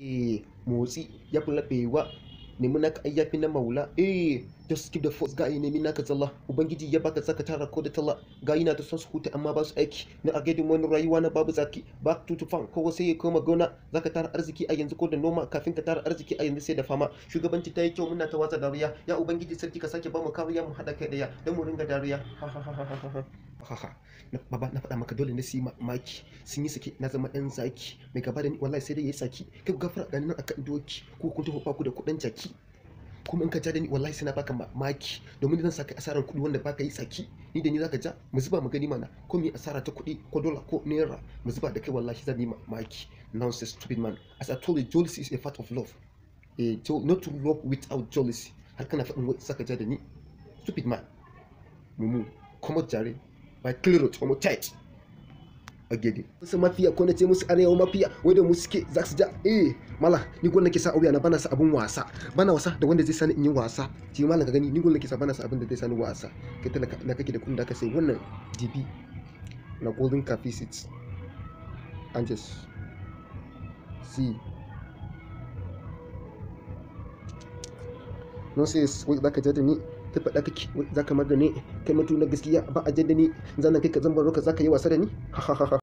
Eh, motsi ya fi laɓewa, nemi naka ai na maula. Eh, just keep the force gayi nemi naka zalla. Ubangiji ya baka saka tara ko da talla. Gayi na ta son su huta amma ba su aiki. Na a gaidin wani rayuwa na babu zaki. Back to farm kowa sai ya koma gona. Zaka tara arziki a yanzu ko da noma kafin ka tara arziki a yanzu sai da fama. Shugabanci ta yi kyau muna ta watsa dariya. Ya Ubangiji sarki ka sake ba mu kariya mu haɗa kai ɗaya don mu ringa dariya. Ha ha ha ha ha. haha baba na faɗa maka dole ne si maki sun yi saki na zama ɗan zaki mai gaba da ni wallahi sai dai yayi saki kai ku gafara ɗan nan akan doki ko kun tafi ku da kuɗin jaki kuma in ka ja da ni wallahi sai na baka maki domin zan saka asarar kuɗi wanda baka yi saki ni da ni zaka ja mu zuba mu gani mana ko mu asara ta kuɗi ko dola ko naira mu zuba da kai wallahi zan yi maki nonsense stupid man as i told you jealousy is a part of love eh not to love without jealousy har kana faɗin wai saka ja da ni stupid man mumu kuma jare by clear homotite a gede musu mafiya ko musu arewa mafiya wanda mu za su ja eh mala ni ke sa auya na bana sa abun wasa bana wasa da wanda zai sani in yi wasa shi mala ka gani ni ke sa bana sa abun da zai sani wasa kai talaka na kake da kunda ka sai wannan na golden coffee see no ta faɗa kake za ka magane kai mutu na gaskiya ba a jaddani zanen kai ka zan baro ka za yi wasa da ni ha